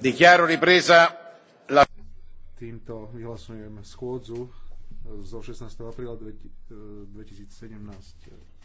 Dichiaro ripresa la... Týmto vyhlasujem schôdzu zo 16. apríla 2017. Eh,